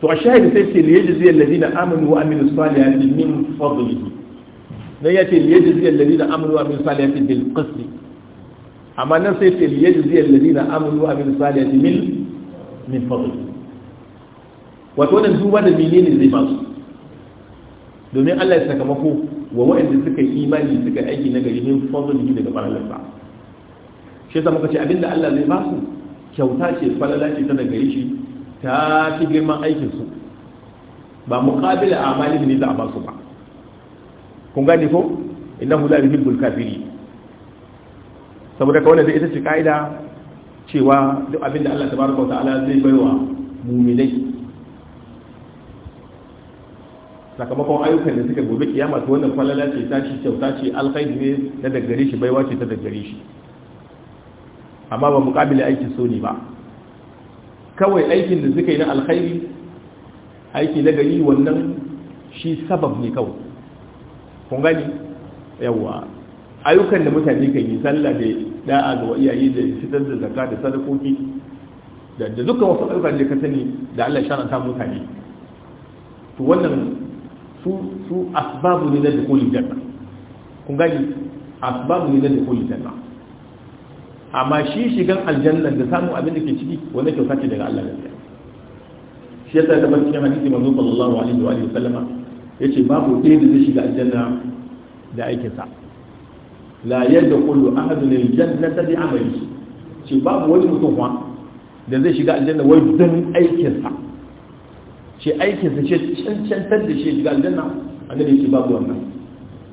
to a shahidi sai ce liyaji zai lalli na aminu wa aminu salihati min fadlihi dan ya ce liyaji zai lalli na aminu wa aminu salihati bil qasdi amma nan sai ce liyaji zai lalli na aminu wa aminu salihati min min fadlihi wato wannan duba da menene zai ba su domin Allah ya sakamako wa wa'anda suka yi imani suka aiki na gari min fadlihi daga sa. shi yasa muka ce abinda Allah zai ba su kyauta ce falala ce ta gari shi ta ci girman aikin su ba muqabila amali ne za a ba su ba kun gane ko hu la bil kafiri saboda ka da zai ita ce kaida cewa duk abinda Allah tabaraka wa ta'ala zai baiwa mu'minai sakamakon ayyukan da suka gobe kiyama to wannan falala ce ta ci kyauta ce alkhairi ne na daggare shi baiwa ce ta daggare shi amma ba muƙabila aikin so ne ba kawai aikin da suka yi na alkhairi aiki na gari wannan shi sabab ne kawai kun gani yawa ayyukan da mutane kan yi sallah da da'a ga iyaye da fitar da zakka da sadakoki da dukkan wasu ayyukan da ka sani da Allah ya sharanta mutane to wannan su su asbabu ne na dukulin janna kun gani asbabu ne na dukulin janna amma shi shigan aljanna da samun abin da ke ciki wanda ke ce daga Allah ne shi yasa ta cikin hadisi manzo sallallahu alaihi wa alihi sallama yace babu ɗaya da zai shiga aljanna da aikin sa la yadkhul ahadun aljannata bi amali shi babu wani mutum da zai shiga aljanna wai dan aikin sa ce aikinsa ce cancantar da shi shiga aljanna a annabi ce babu wannan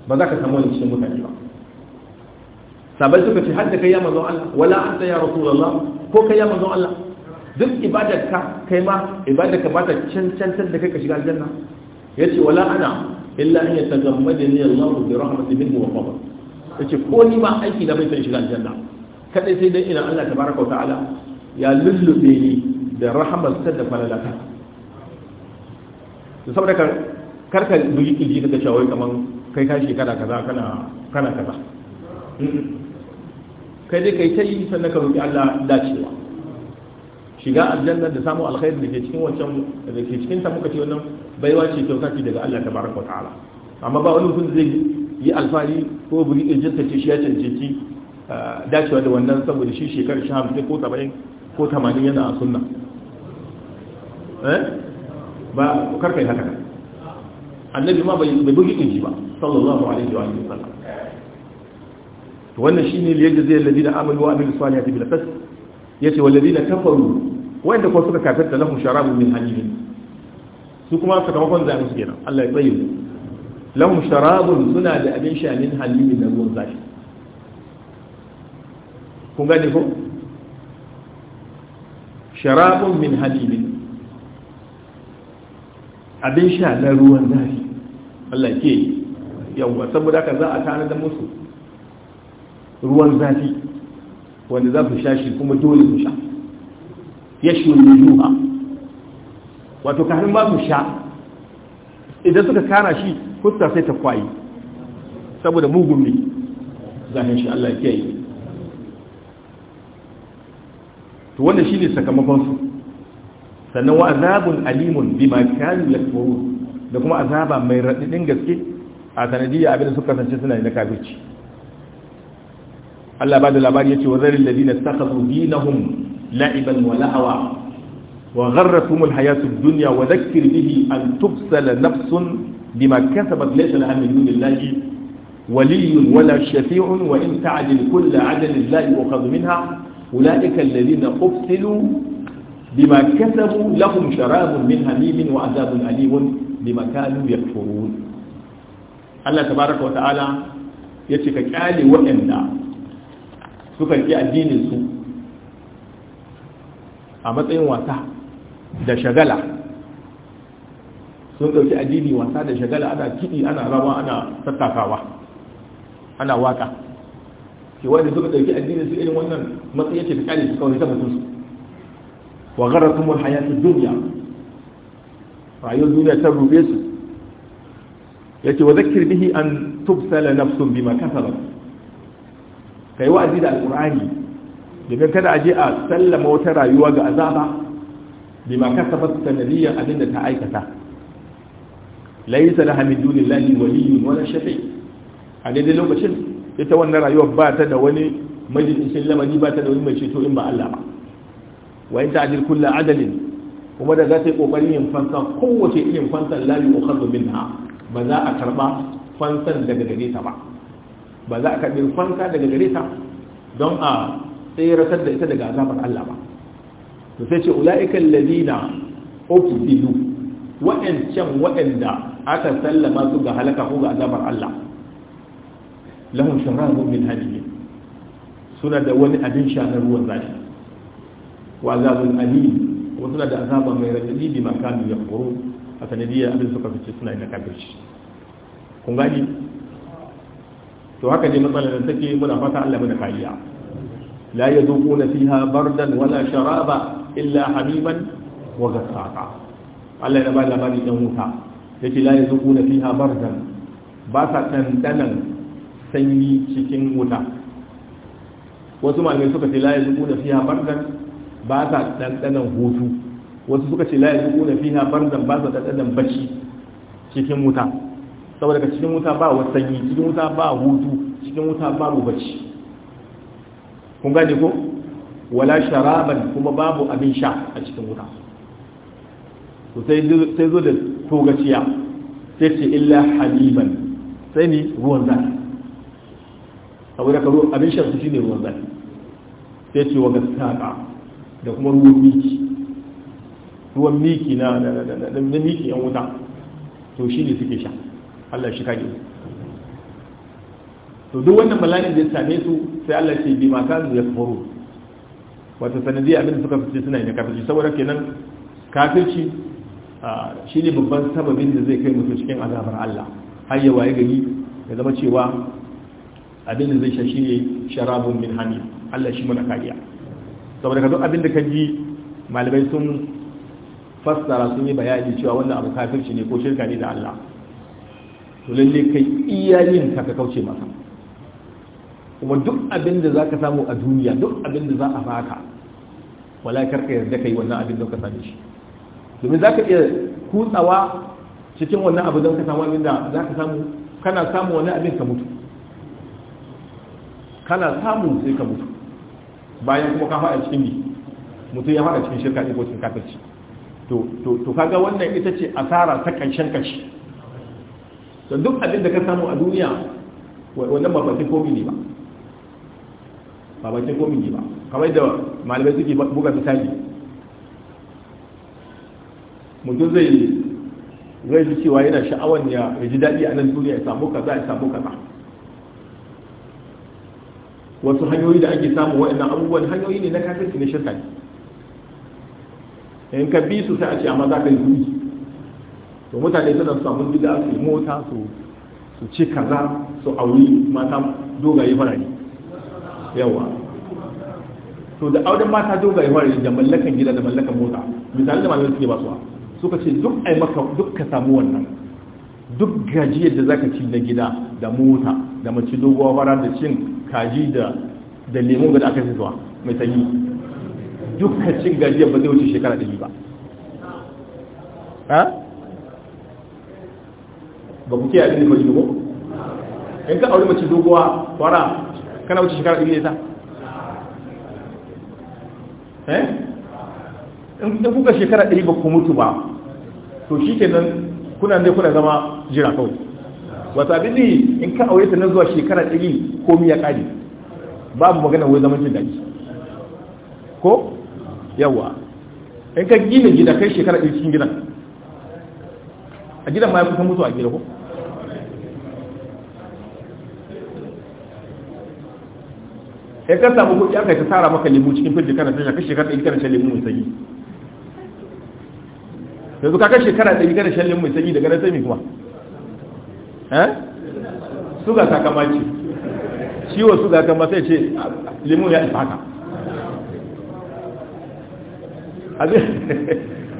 ba za ka samu wani cikin mutane ba sabai suka ce har da kai ya manzon Allah wala an anta ya rasulullah ko kai ya manzon Allah duk ibadarka kai ma ibadarka ba ta cancantar da kai ka shiga aljanna Ya ce wala ana illa an yatagammadani Allah bi rahmatin minhu wa fadl ce ko ni ma aiki da bai san shiga aljanna kadai sai dai ina Allah tabaraka wa ta'ala ya lullube ni da rahmarsa da falalata to saboda ka karka duyi kilji daga wai kamar kai ka shekara kaza kana kana kaza kai dai kai kai sannan ka roki Allah dacewa shiga aljanna da samu alkhairi da ke cikin wancan da ke cikin ta muka ce wannan baiwa ce kyauta ce daga Allah tabaraka wa ta'ala amma ba wani mutum zai yi alfahari ko buri iljinta ce shi ya cancanci ah, dacewa da wannan saboda shi shekarar shi hamsin ko saba'in ko tamanin yana a sunna eh ba karka yi haka annabi ma bai bugi ɗin shi ba sallallahu alaihi wa sallam to wannan shine yadda zai ladina amalu wa ta salihati bil Ya ce wal ladina kafaru wanda ko suka kafirta lahum sharabun min hamim su kuma sakamakon zai musu kenan Allah ya tsaye mu lahum sharabun suna da abin sha min hamim na ruwan zafi kun gane ko sharabun min hamim abin sha na ruwan zafi Allah ke yawwa saboda ka za a tana da musu ruwan zafi wanda za su sha shi kuma dole su sha ya shi wani wato kafin ba su sha idan suka kana shi kusa sai ta kwayi saboda mugun ne zahin shi Allah ke yi to wanda shi ne sakamakonsu sannan wa azabun alimun bima kanu yakfurun da kuma azaba mai radidin gaske a sanadiyya abin da suka kasance suna da kafirci Allah ba da labari yace wa zaril ladina takhadhu dinahum la'iban wa lahawa wa gharratuhum alhayatud dunya wa dhakkir bihi an tubsala nafsun bima kasabat laysa laha min dunillahi waliyyun wala shafi'un wa in ta'dil kullu 'adlin la yu'khadhu minha ulaika alladhina qutilu بما كسبوا لهم شراب من حميم وعذاب أليم بما كانوا يكفرون الله تبارك وتعالى yace ka kyale waɗanda suka ƙi addininsu a matsayin wasa da shagala sun ɗauki addini wasa da shagala ana kiɗi ana rawa ana tattakawa ana waka ɗauki addinin su irin wannan matsayin ce ta kyale su kawai ta mutunsu وغرتهم الحياة الدنيا رأي الدنيا تروا بيسر يأتي وذكر به أن تبسل نفس بما كثرت كي وأزيد القرآن لمن كان أجيء سلم وترى يواجع أزابا بما كثبت سنبيا أدنة آيكة ليس لها من دون الله ولي ولا شفيع أدنة لو بشل يتوى أن رأيوه باتا وني مجد إن سلم أدي باتا وني مجد إن الله wa in ta'dil kullu adalin kuma da za ta yi kokarin yin fansa kowace irin fansan la yu'khadhu minha ba za a karba fansan daga gare ta ba ba za a karbi fansa daga gare ta don a tsere da ita daga azabar Allah ba to sai ce ulaika alladhina ubtilu wa'ancan wa'anda aka sallama su ga halaka ko ga azabar Allah lahum sharabun min hadin suna da wani abin sha na ruwan zafi wa azabun alim kuma suna da azaba mai radadi bi makami ya furu a sanadiyar abin suka fice suna da kafirci kun gani to haka ne matsalar da take muna fata Allah mana kariya la fi fiha bardan wala sharaba illa hamiman wa ghassaqa Allah ya ba labari dan wuta ya yace la fi fiha bardan ba sa dandanan sanyi cikin wuta wasu malamai suka ce la fi fiha bardan ba sa ɗanɗanan hutu wasu suka ce la yadkhuluna fiha barzan ba sa ɗanɗanan bashi cikin wuta saboda ka cikin wuta ba sanyi cikin wuta ba hutu cikin wuta ba bashi kun gane ko wala sharaban kuma babu abin sha a cikin wuta to sai zo da togaciya sai ce illa haliban sai ne ruwan zafi saboda ka abin sha su shine ruwan zafi sai ce wa gaskata da kuma ruwan miki ruwan miki na miki yan wuta to shi ne suke sha Allah shi kage to duk wannan bala'in da same su sai Allah ce bi ma ya yakfuru wato sanadiyya abin da suka fice suna yin kafirci saboda kenan kafirci shi ne babban sababin da zai kai mutum cikin azabar Allah har ya waye gari ya zama cewa abin da zai sha shi ne sharabun min hamid Allah shi mana kariya saboda ka duk abin da ka ji malamai sun fassara sun yi bayani cewa wannan abu kafirci ne ko shirka ne da Allah to lalle kai iyalin ka ka kauce masa kuma duk abin da zaka samu a duniya duk abin da za a faka wala karka yarda kai wannan abin da ka same shi domin zaka iya kutsawa cikin wannan abu don ka samu abin da zaka samu kana samu wani abin ka mutu kana samu sai ka mutu bayan kuma ka faɗa cikin ni mutum ya faɗa cikin shirka ne ko cikin kafirci to to to kaga wannan ita ce asara ta kanshen kashi to duk abin da ka samu a duniya wannan ba bakin komi ne ba ba bakin komi ne ba kamar da malamai suke buga misali mutum zai zai ji cewa yana sha'awar ya ji daɗi a nan duniya ya samu kaza ya samu kaza wasu hanyoyi da ake samu waɗannan abubuwan hanyoyi ne na kafirci na shirka in ka bi su sai a ce amma za ka yi zuwi to mutane suna samun gida su mota su su ci kaza su auri mata dogaye farare yawa to da auren mata dogaye farare da mallakan gida da mallakan mota misali da malamai suke basuwa suka ce duk ai maka duk ka samu wannan duk gajiyar da zaka ci na gida da mota da mace doguwa fara da cin kaji da da lemu da aka fi zuwa mai sanyi dukkan cin gajiyar ba zai wuce shekara ɗari ba ba ku kiyaye ne mace dogo in ka aure mace doguwa fara kana wuce shekara ɗari ne ta eh? in kuka shekara ɗari ba ku mutu ba to shi kenan kuna ne kuna zama jira kawai wata bili in ka aure ta na zuwa shekara ɗari ko miya ƙari babu magana wai zaman jin daji ko yawa in ka gina gida kai shekara ɗari cikin gidan a gidan ma ya kusan mutu a gida ko ya ka samu kuɗi aka ta tara maka lemu cikin firji kana sanya kai shekara ɗari kana shan lemu mai sanyi yanzu ka kai shekara ɗari kana shan lemu mai sanyi daga nan sai mai kuma eh suga ce, ciwo suga kama sai ce limu ya isa haka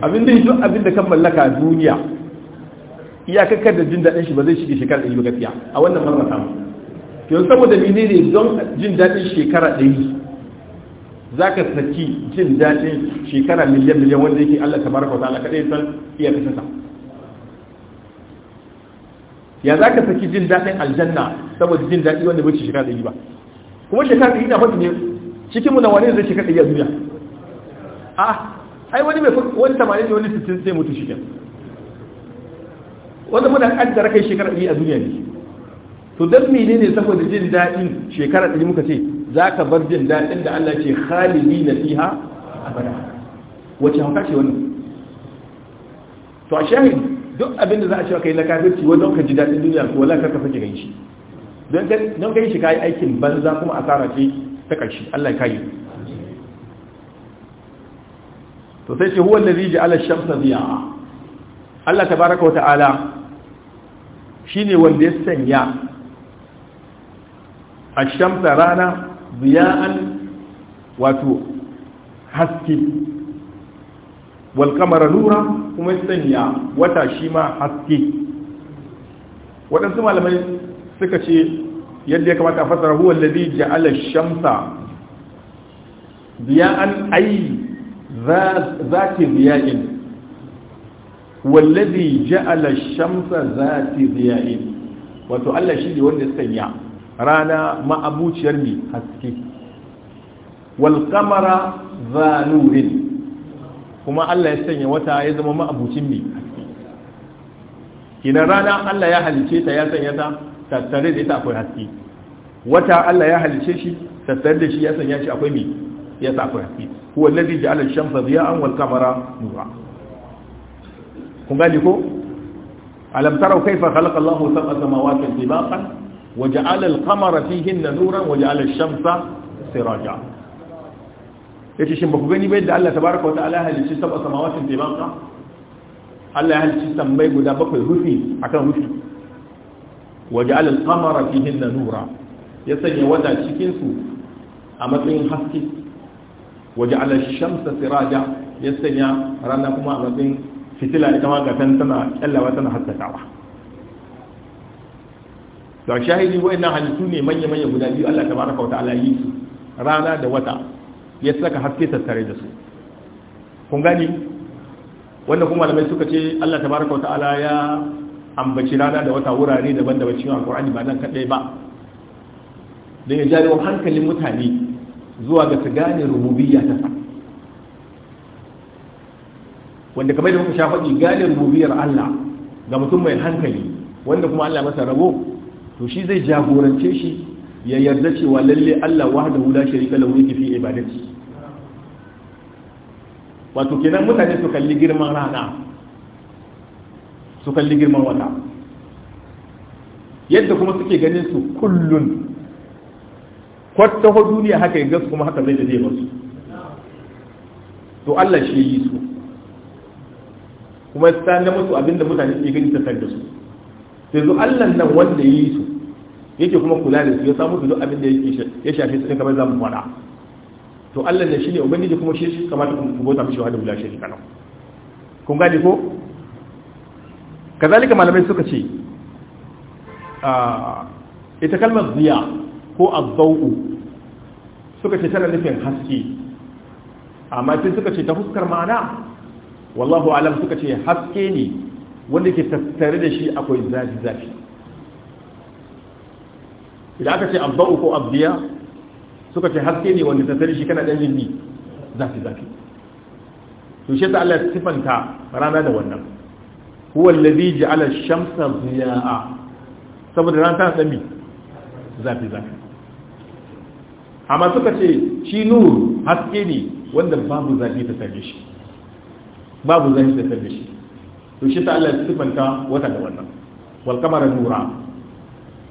abin da duk abin da kan mallaka duniya iyakakar da jin daɗin shi ba zai shige shekara ɗari ba gaskiya a wannan marar samu to saboda mene ne don jin daɗin shekara ɗari za ka saki jin daɗin shekara miliyan miliyan wanda yake Allah tabaraka wa ta'ala kaɗai san iyakacinsa ya za ka saki jin daɗin aljanna saboda jin daɗi wanda bai shekara ɗari ba kuma shekara ɗari na faɗi ne cikin mu na wani zai shekara ɗari a duniya a ai wani mai wani tamanin ne wani sittin sai mutu shi wanda muna ƙaddara kai shekara ɗari a duniya ne to dan mene ne saboda jin daɗin shekara ɗari muka ce za ka bar jin daɗin da Allah ce halibi na fiha bana? wace hauka ce wannan to a shahin duk abin da za a cewa kai na kafirci wajen ka ji daɗin duniya ko wala karka sake gai shi don kai shi kayi aikin banza kuma asara ce ta ƙarshe Allah ya kayi to sai ce huwa allazi ja'ala ash-shamsa diya'a Allah tabaaraka wata'ala shine wanda ya sanya ash-shamsa rana diya'an wato haske Walƙamara nura kuma sanya wata shi ma haske waɗansu malamai suka ce yadda ya kamata a fasara huwa lalzi ja'ala shamsa biya'an ai zati biya'in wallazi ja'ala shamsa zati biya'in wato Allah shi ne wanda sanya rana ma'abuciyar ne haske wal kamara nurin. kuma Allah ya sanya wata ya zama ma'abucin mai kinan rana Allah ya halice ta ya sanya ta tattare da ita akwai haske wata Allah ya halice shi tattare da shi ya sanya shi akwai mai ya sa akwai haske huwa alladhi ja'ala ash-shamsa diya'an wal qamara nura kun gani ko alam taraw kayfa khalaqa Allahu sab'a samawati tibaqan wa ja'ala al-qamara fihinna nuran wa ja'ala ash-shamsa sirajan yace shin baku gani ba yadda Allah Ta tabaraka wa ta'ala halicci sab'a samawatin fi banqa Allah ya halicci tambayi guda bakwai rufi akan rufi Waje waja'al al-qamara fihinna nura ya sanya wata cikinsu a matsayin haske Waje ash-shamsa siraja ya sanya rana kuma a matsayin fitila ita ma gatan tana kyallawa tana haskakawa ga shahidi wa'annan halittu ne manya-manya guda biyu Allah tabaraka wa ta'ala yi su rana da wata ya saka haske tattare da su kun gani wanda kuma malamai suka ce Allah tabaraka ta'ala ya ambaci rana da wata wurare daban-daban cikin alkur'ani ba nan kadai ba da ya jari hankalin mutane zuwa ga su gane rububiyya ta wanda kamar da muka sha faɗi gane rububiyyar Allah ga mutum mai hankali wanda kuma Allah masa rabo to shi zai jagorance shi ya yarda cewa lalle Allah wahdahu la sharika lahu yake fi ibadati wato kenan mutane su kalli girman rana su kalli girman wata yadda kuma suke ganin su kullun kwattaho duniya haka ya gasu kuma haka zai da zai masu to Allah shi yi su kuma ya na musu abinda mutane suke gani ta da su sai zo Allah nan wanda ya yi su yake kuma kula da su ya samu su duk abin da yake ya shafi su kamar za mu faɗa to Allah ne shine ubangiji kuma shi kamata ku bauta mishi wahdahu la sharika kana kun gane ko kazalika malamai suka ce ita kalmar ziya ko azzau suka ce tana nufin haske amma sai suka ce ta fuskar ma'ana wallahu alam suka ce haske ne wanda ke tattare da shi akwai zafi zafi idan aka ce abba'u ko abdiya suka ce haske ne wanda ta tare shi kana dan jinni zafi zafi to shi ta Allah ya sifanta rana da wannan huwa allazi ja'ala ash-shamsa ziya'a saboda rana ta tsami zafi zafi amma suka ce shi nur haske ne wanda babu zafi ta tare shi babu zafi ta tare shi to shi ta Allah ya sifanta wata da wannan wal qamara nura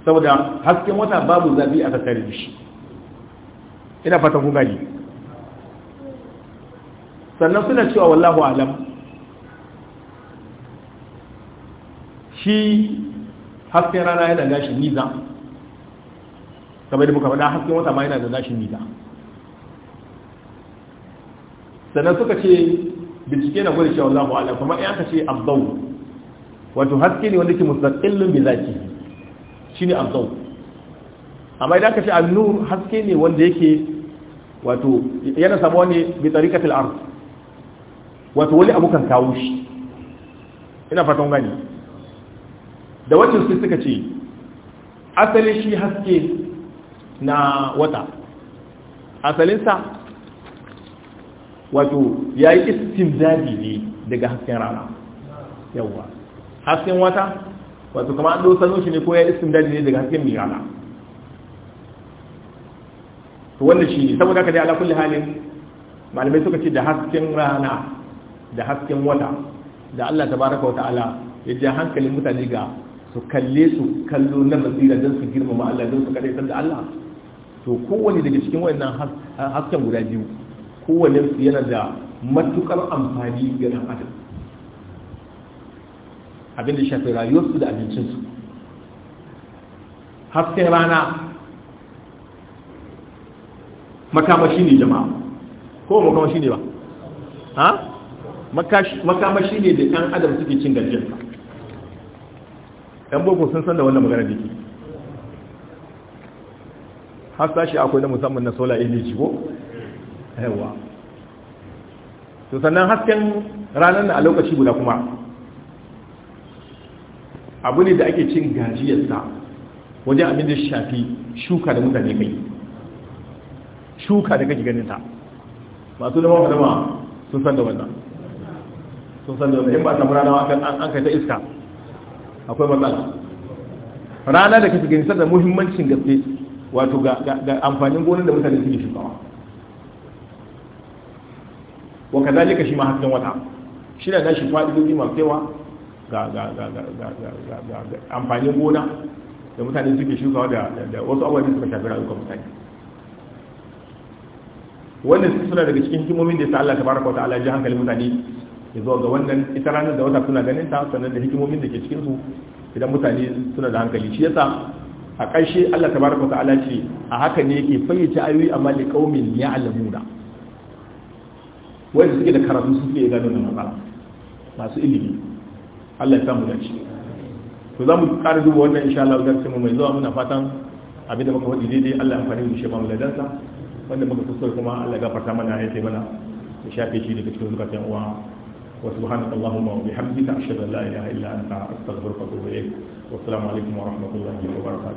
saboda hasken wata babu zabi a tattare da shi ina fata ku gani sannan suna cewa wallahu alam shi hasken rana yana gashin niza kamar da muka faɗa hasken wata ma yana da gashin niza sannan suka ce bincike na gwada cewa wallahu alam kuma in aka ce abdau wato haske ne wanda ke mustaqillun bi zaki shine abdau amma idan ka ce an-nur haske ne wanda yake wato yana sabo ne bi tariqatil ard wato wani abu kan kawo shi ina fatan gani da wannan sai suka ce asalin shi haske na wata asalinsa wato ya yi istimdadi ne daga hasken rana yawwa hasken wata wato kamar an sanu shi ne ko ya daji ne daga hasken mai rana to wanda shi ne saboda aka dai ala kulli halin malamai suka ce da hasken rana da hasken wata da Allah ta baraka wa ta'ala ya ja hankalin mutane ga su kalle su kallo na basira don su girmama Allah don su kadaitar da Allah to kowane daga cikin wannan hasken guda biyu kowanne su yana da matukar amfani ga dan adam abin da shafi rayuwarsu da abincinsu hasken rana makamashi ne jama'a ko makamashi ne ba ha makamashi ne da ɗan adam suke cin gajiyarsa ɗan boko sun san da wannan magana jiki ke hasashi akwai na musamman na solar energy ko yawa to sannan hasken ranar na a lokaci guda kuma abu ne da ake cin gajiyarsa wajen abin da shafi shuka da mutane kai shuka da kake ganin ta masu da mawa sun san da wannan sun san da wannan in ba samu rana an kai ta iska akwai matsala rana da kake ganin da muhimmancin gaske wato ga amfanin gonar da mutane suke shukawa wa kadalika shi ma hasken wata shi da nashi fa'idoji masu yawa ga amfanin gona da mutane suke shukawa da wasu abubuwan da suka shafi rayuwar mutane wannan suna daga cikin hikimomin da ya sa Allah tabaraka wa ta'ala ji hankalin mutane ya zo ga wannan ita ranar da wata suna ganin ta sannan da hikimomin da ke cikin su idan mutane suna da hankali shi yasa a ƙarshe Allah Ta baraka ta'ala ce a haka ne yake fayyace ayoyi amma li qaumin ya'lamuna wanda suke da karatu suke gano da matsala masu ilimi Allah ya samu dace to za mu ƙara duba wannan insha Allah da mu mai zuwa muna fatan abin da muka faɗi daidai Allah ya amfani da shi ba mu ladansa wanda muka kuskure kuma Allah ya gafarta mana ya mana ya shafe shi daga cikin zakatan uwa wa subhanaka allahumma wa bihamdika ashhadu an la ilaha illa anta astaghfiruka wa atubu ilayk wa assalamu alaikum wa rahmatullahi wa barakatuh